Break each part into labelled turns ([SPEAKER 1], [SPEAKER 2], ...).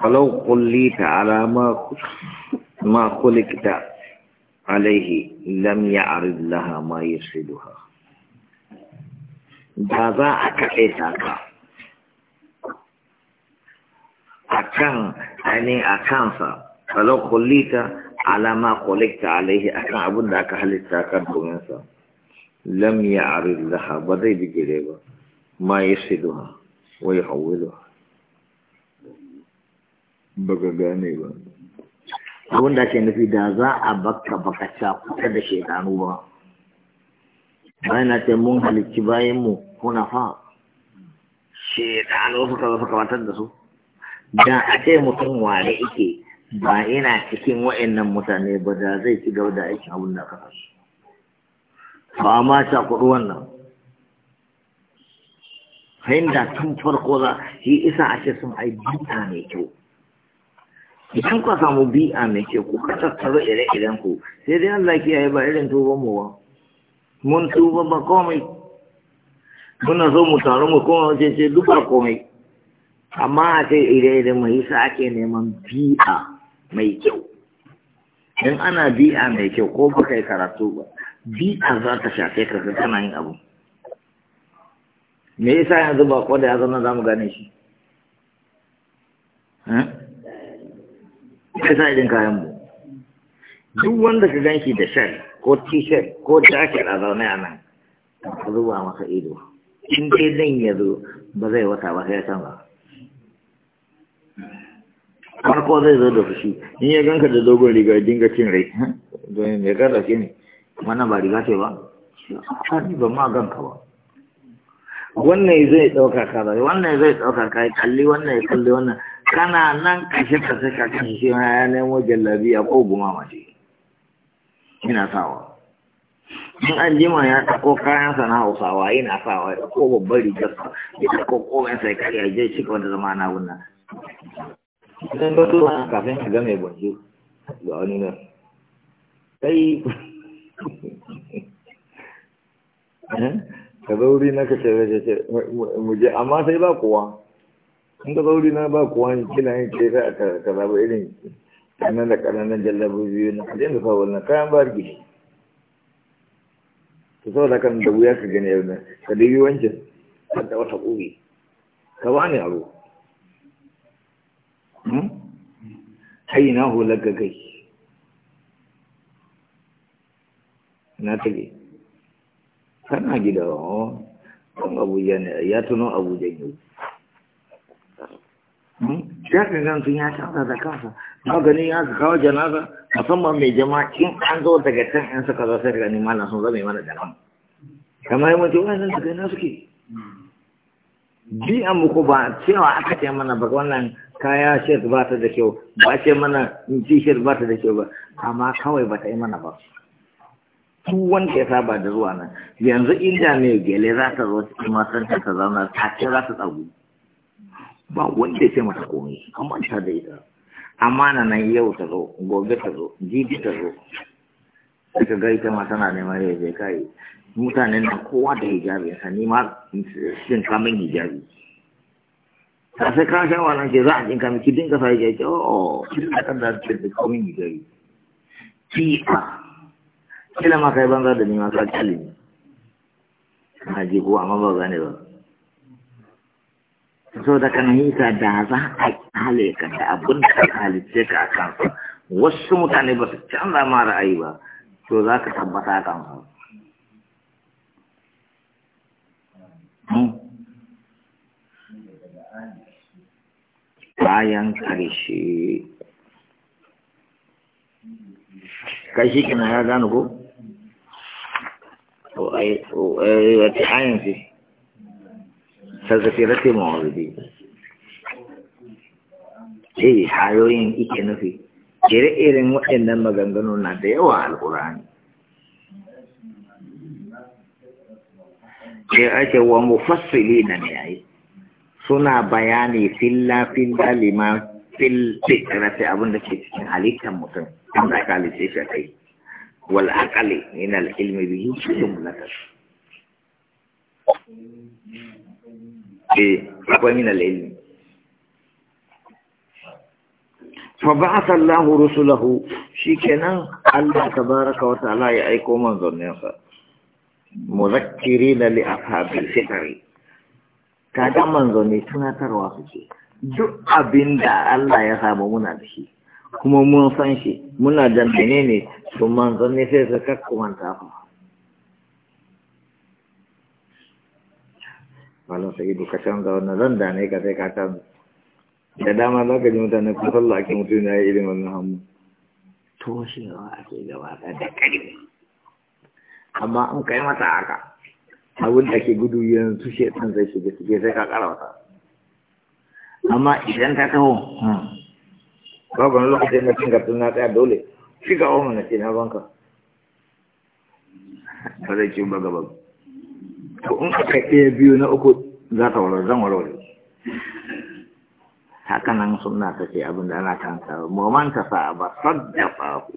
[SPEAKER 1] falau ta alama ma kita alaihi lam ya arid laha ma yasiduha da za a kaɗe ini a sa. Kalau a kansa falau kullita kita ma kulikta alaihi akan abin da aka akan kan dominsa lam ya arid laha Badai zai ba ma yasiduha wai hawiluha baka gane ba abin da ke nufi da za a baka baka ca kusa da shekaru ba bayan na ce mun halicci bayan mu kuna fa shekaru suka zo kamatar da su da a ce mutum ware ike ba yana cikin wa'annan mutane ba da zai ci gaba da aikin abin da aka fasu ba ma ta kudu wannan fahimta tun farko za shi isa a sun ai bita mai kyau idan ka samu bi'a mai ce ku kasa tsaro ire idan ku sai dai Allah kiyaye ba irin tuba mu ba mun tuba ba komai muna zo mu taru mu koma wace ce duk ba komai amma a ce ire-iren mai sa ake neman bi'a mai kyau in ana bi'a mai kyau ko ba kai karatu ba bi'a za ta shafe ka tana yin abu me yasa yanzu ba ko da ya zama za mu gane shi hm? sai sa idin kayan mu duk wanda ka ganki da shirt ko t-shirt ko jacket a zaune a nan ka zuba masa ido in dai zan ya zo ba zai wata ba sai ya ba farko zai zo da fushi in ya ganka da dogon riga dinga cin rai don ya gada ke ne wannan ba riga ce ba ni ba ma ganka ba wannan zai ɗauka ka ba wannan zai ɗauka ka kalli wannan ya kalli wannan kana nan kashe ka sai ka kashe shi ma ya nemo jallabi a ko guma mace ina sawa in an jima ya tako kayan sana hausawa ina sawa ya ko babbar rigar ya tako komai sai ka ya je shi wanda zama na wannan idan ka tura kafin ka game bonjo gwanjo ga wani nan sai eh? ka zauri na ka ce mu je amma sai ba kowa in ka zauri na ba kuwa ne kina yin ce ka ka ba irin kanan da kananan jallabu biyu na kaje da fa wannan kayan ba ta sau da kan da wuya ka gani yau na ka dubi wancan da wata kuri ka ba ni aro hmm? hayi na hular gagai na tage kana gida wa oh, kan abuja ne ya tuno abuja yau Hmm? shaƙa gansu ya canza da kansa na gani ya ka kawo janaza musamman mai jama'a in an zo daga can in suka zo sai gani mana sun zama mana da nan kamar yi mutu wani da kai na bi Biya muku ba cewa aka ce mana ba wannan kaya shirt ba ta da kyau ba ce mana ci shirt ba ta da kyau ba amma kawai ba ta yi mana ba su wanda ya saba da zuwa nan yanzu inda mai gele za ta zo cikin masanta ta zauna ta ce za ta tsagu ba wanda ya mata komai an manta da ita amana nan yau ta zo gobe ta zo jibi ta zo sai ka ga ita ma tana neman ya je kai mutane na kowa da hijabi sa ni ma shin ka min hijabi ta sai ka sha wannan ke za a jinka miki dinka sai ya oh, ce oh kin da kan da ce da komai hijabi ki a kila ma kai banza da ni ma ka ci ne na ji ko amma ba gane ba so da kan hita da za a kyale ka da abin da halice ka a kansa wasu mutane ba su canza ma ra'ayi ba to za ka tabbata a kansa hmm. bayan karshe kai shi kina ya ko? o ai o ai wata ayan tazakirati mawridi eh hayoyin ike nufi ire irin waɗannan maganganu na da yawa al'urani sai ake wa mufassili na ne ai suna bayani filla filla fil fikrati abin da ke cikin halittar mutum da aka halitta shi kai wal aqali min al ilmi yusul jumlatan eh akwai min al-ilmi fa ba'atha Allah kenan shikenan Allah tabaraka wa ta'ala ya aiko manzonninsa muzakkirina li ashabil fitri kaga manzonni tunatarwa suke duk abinda Allah ya samu muna da shi kuma mun san shi muna da menene to manzanni sai su kakkumanta malam sa'idu ka canza wannan zan da ne ka sai ka canza da dama za ka ji mutane kun sallah ake mutum na yi irin wannan hannu toshewa ake gaba da ƙarfi amma an kai mata haka abin da ke gudu yanzu shaitan zai shiga suke sai ka ƙara wata amma idan ta taho Ba wani lokacin da cinka tun na tsaya dole shiga wani na ce na banka ba zai ci ba gaba to in aka ɗaya biyu na uku za ta walwale zan walwale haka nan suna ta ce abin da ana kan karanta moman ta sa ba saddafa ku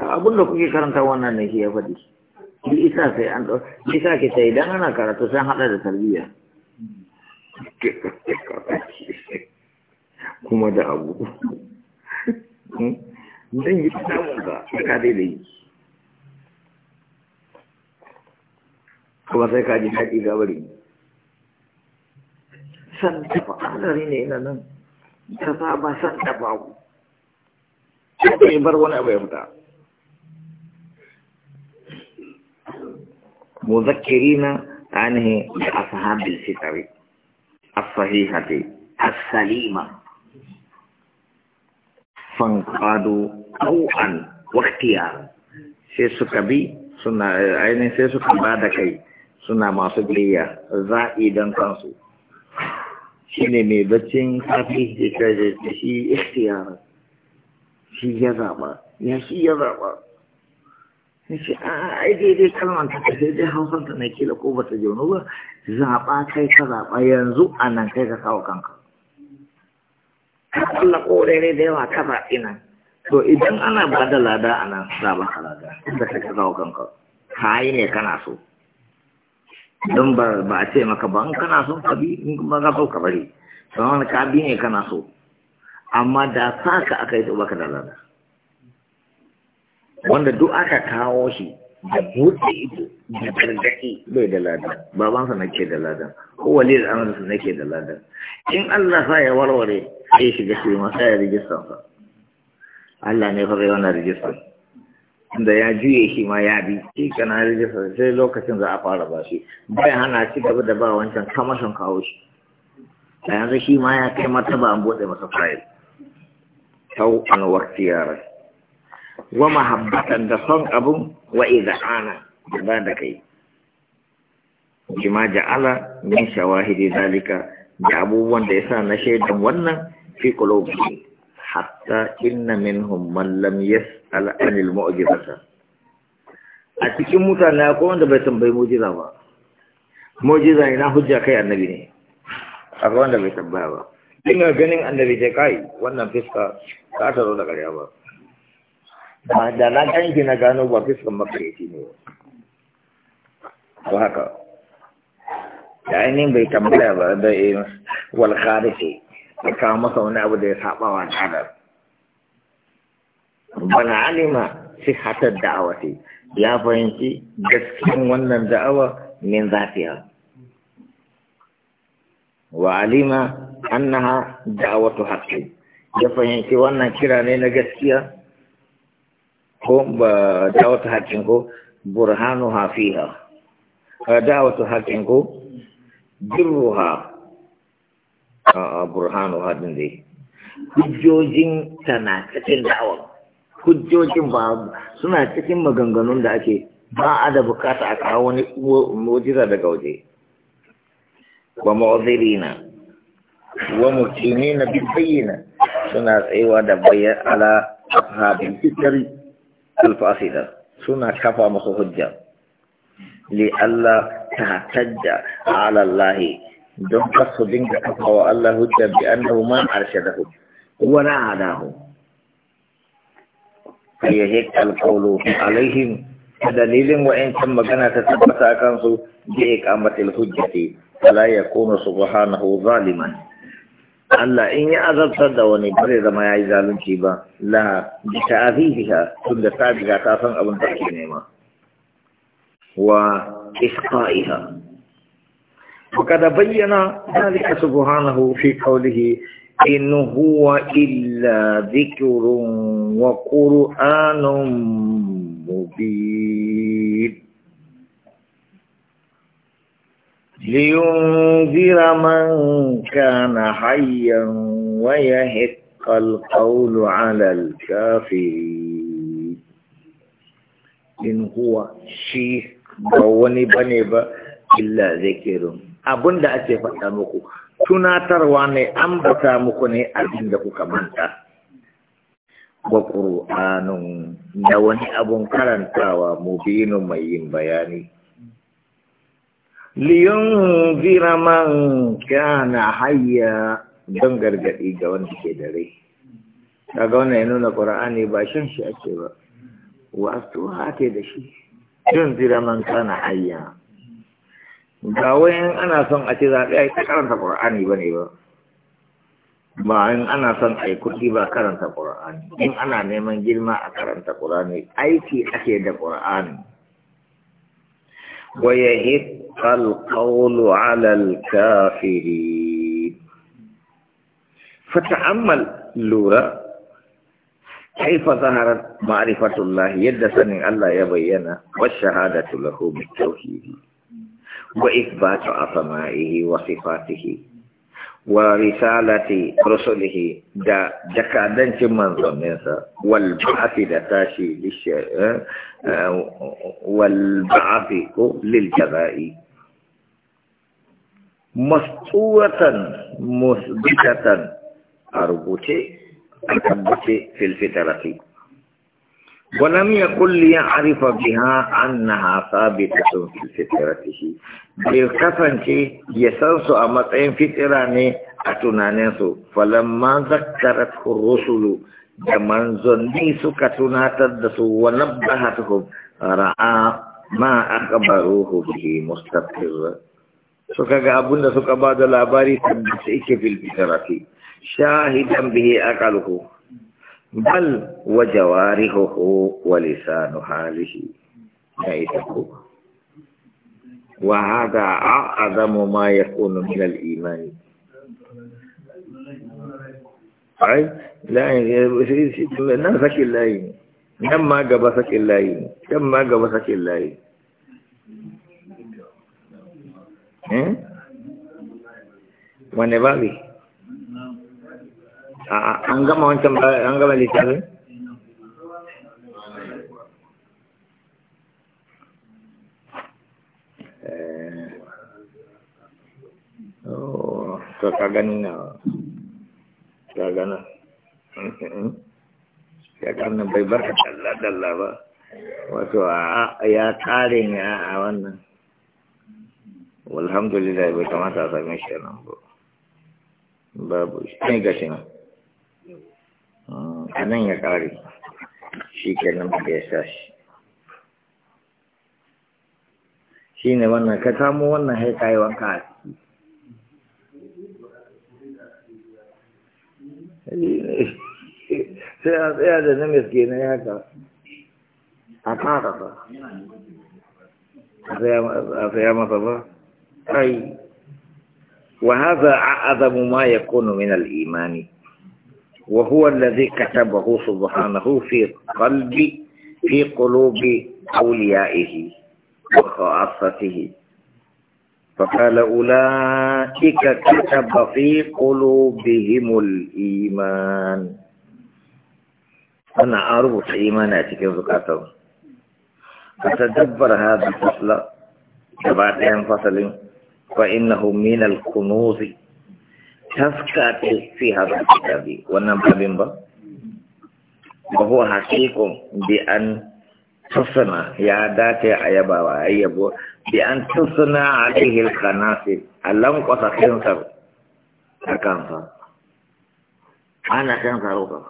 [SPEAKER 1] abin da kuke karanta wannan ne shi ya faɗi shi isa sai an ɗau isa ke sai idan ana karatu sai haɗa da tarbiyya kuma da abu dan hmm? yi samun ka ka daidai kuma sai ka ji daɗi ga wuri san dafa alari ne ina nan ta sa ba san dafa ku ya bar wani abu ya fita مذكرين عنه بأصحاب الفطر الصحيحة السليمة فانقادوا طوعا واختيارا sai suka bi suna ainihin sai suka ba da kai suna masu biyayya za'i don kansu shi ne mai baccin kafi da shi ikhtiyara shi ya zaba. ya shi ya ya ce a ai daidai kalmar ta sai dai hausar ta na kila ko bata jaunu ba zaɓa kai ka zaɓa yanzu a nan kai ka kawo kanka ka kalla ko daidai da yawa ka zaɓi nan to idan ana ba da lada a nan zaɓa ka lada da ka kawo kanka ka yi ne kana so don ba a ce maka ba in kana son ka bi in kuma ka so ka bari wani ka bi ne kana so amma da sa ka aka yi ka da lada wanda duk aka kawo shi da buɗe ido da gargaɗi bai da lada babansa nake da lada ko wali da na nake da lada in Allah sa ya warware sai shiga shi wasa ya rijistan sa Allah ne fa bai wannan rijistan da ya juye shi ma ya bi shi kana rijista sai lokacin za a fara ba shi bayan hana shi gaba da ba wancan kamashin kawo shi a yanzu shi ma ya kai martaba an bude masa fayil tau an wakti yara wa mahabbatan da son abun wa ana da ba da kai ja ja'ala min shawahidi zalika da abubuwan da ya sa na shaidan wannan fi qulubi hatta inna minhum man lam al'anil mu'jizata a cikin mutane ko wanda bai tambayi mu'jiza ba mu'jiza ina hujja kai annabi ne akwai wanda bai tambaya ba ina ganin annabi sai kai wannan fiska ka zo da ƙarya ba ba da na ganki na gano ba fiskan makareci ne ba haka da ainihin bai tambaya ba da eh, wal kharisi ka kawo masa wani abu da ya saba wa tsadar bana alima sihhatar da'awati ya fahimci gaskiyan wannan da'awa min zafiya wa alima annaha da'awatu haqqi ya fahimci wannan kira ne na gaskiya ko ba da'awatu haqqin ko burhanu hafiha da'awatu haqqin ko jirruha burhanu hadin dai hujjojin tana cikin da'awar hujjojin ba suna cikin maganganun da ake ba a da bukata a kawo wani mujiza daga waje wa na? wa na bi bayyina suna tsayawa da bayan ala ashabil fitri al suna kafa musu hujja li Allah ta tajja ala don kasu dinga kafa wa Allah hujja bi annahu ma arshadahu wa na'adahu fayyahe alkaulu alaihim ta dalilin wa'incan magana ta tabbata a kansu bi iqamatil hujjati fala yakunu subhanahu zaliman Allah in ya azabtar da wani bare zama yi zalunci ba la bi ta'azibiha tunda sabiga ta san abin da ke nema wa isqaiha fa kada bayyana dalika subhanahu fi qawlihi إن هو إلا ذكر وقرآن مبين لينذر من كان حيا ويهق القول على الكافرين إن هو شيء بوني بني إلا ذكر abin da ake faɗa muku tunatarwa ne an bata muku ne abin da kuka manta ba da wani abun karantawa mubinu mai yin bayani liyon zira man kana hayya don gargaɗi ga wanda ke da rai kaga wannan ya nuna ƙur'ani ba shan shi ake ba wasu hake da shi yun man kana hayya ba wayan ana son a ce zaɓe a yi ta karanta ƙur'ani ba ne ba ba in ana son a yi kuɗi ba karanta ƙur'ani in ana neman girma a karanta ƙur'ani aiki ake da ƙur'ani wa yahiqqa al-qawlu 'ala kafiri. Fata fata'ammal lura كيف ma'arifatullahi معرفة sanin allah ya bayyana يبين والشهادة له بالتوحيد وإثبات أسمائه وصفاته ورسالة رسله دا جكادن من ظننسا والبعث لتاشي للش... آه، آه، والبعث للجزاء مستوة مثبتة أربوتي أربوتي في الفترة ولم يقل لي عرف بها أنها ثابتة في فطرته بالكفن شيء يسنس أمتين فطراني أتنانيس فلما ذكرته الرسل جمان زنيس كتنات الدسو ونبهتهم رأى ما أخبروه به مستقر suka ga abin da suka ba da labari tabbata yake fil shahidan bihi aqaluhu bal wa jawarihuhu wa lisanu halihi da ita ko wa hada a'zamu ma yakunu min al-iman ai la nan sakin layi ne nan ma gaba sakin layi ne nan ma gaba sakin layi eh wane babi an gama wancan an gama littafin eh. oh, to ka gani na ka gana mm-hmm. ya karna bai barka talla dalla ba wato ya kare ne a wannan walhamdulillah bai kamata a sami shi nan ba babu shi ne gashi nan a nan ya ƙare shi ke nan da ya sa shi shi ne wannan ka samu wannan haika yi wanka a ciki sai a tsaya da namis ke na yaka a ƙara ba a tsaya masa ba ai wa haza a azamu ma ya kono min al'imani وهو الذي كتبه سبحانه في قلب في قلوب أوليائه وخاصته فقال أولئك كتب في قلوبهم الإيمان أنا أربط إيماناتك زكاتهم فتدبر هذا الفصل بعد أنفصل فإنه من الكنوز taska fi hadha kitabi wannan babin ba Ba huwa haqiqun bi an tusna ya dace a yabawa wa ayyabo bi an tusna alaihi alqanasib allan qasa kinsar akan fa ana kan karo ka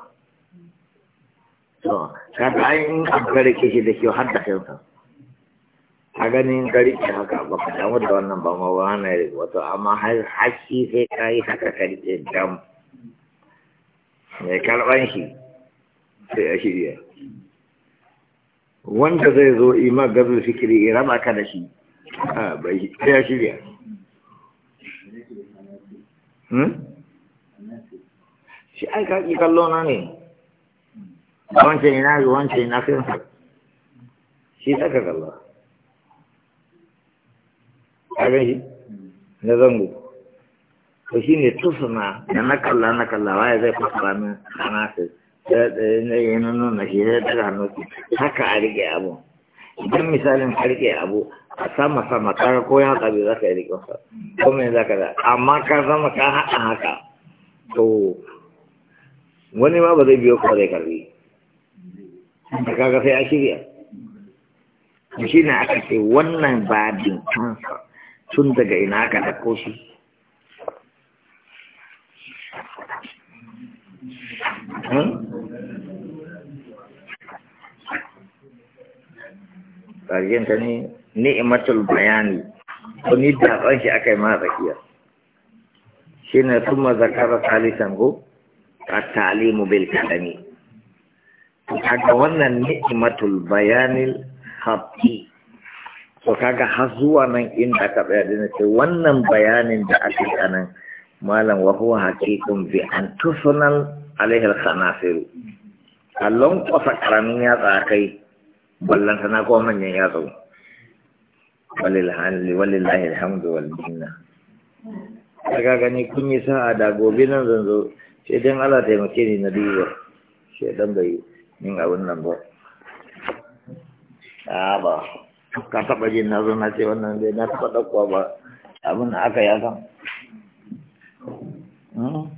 [SPEAKER 1] to kada in an kare kishi da kyau har da kinsar a ganin gari ke haka ba ka damu da wannan ba ma yi wato amma har haƙƙi sai ka yi haka karfe dam mai karɓan shi sai a shirya wanda zai zo ima gazu fikiri ya raba ka da shi sai a shirya hmm? shi ai ka ƙi kallo na ne wancan ina wancan ina kai shi saka kallo ka gan shi na zango to shi ne tusuna da na kalla na kalla waye zai fasara min ana sai na yi na nuna shi zai daga hannu haka a rike abu idan misalin ka rike abu a sama sama kara ko ya kabe ka ka ka ka a shirya shi ne aka ce wannan babin kansa tun daga ina ka ɗauko su. ƙarfin hmm? ta ne ni'imatul bayani ko ni shi aka yi ma tsakiya shi ne tun zakara salisan ko a talimu bil kaɗani kaga wannan ni'imatul bayanil haƙi to kaga har zuwa nan inda aka tsaya da ce wannan bayanin da aka yi anan malam wa huwa haqiqun bi an tusnal alaihi al khanafir allon kofa karamin tsaya kai ballan sana ko manyan yatsa walillahi walillahi alhamdu wal minna kaga gani kun yi sa'a da gobe nan zanzo sai dan Allah taimake ni na duba sai dan bai min abun nan ba Ah, ba ka taɓa jin na zo na ce wannan dai na taɓa ɗaukowa ba abin da aka yi kan? Hmm?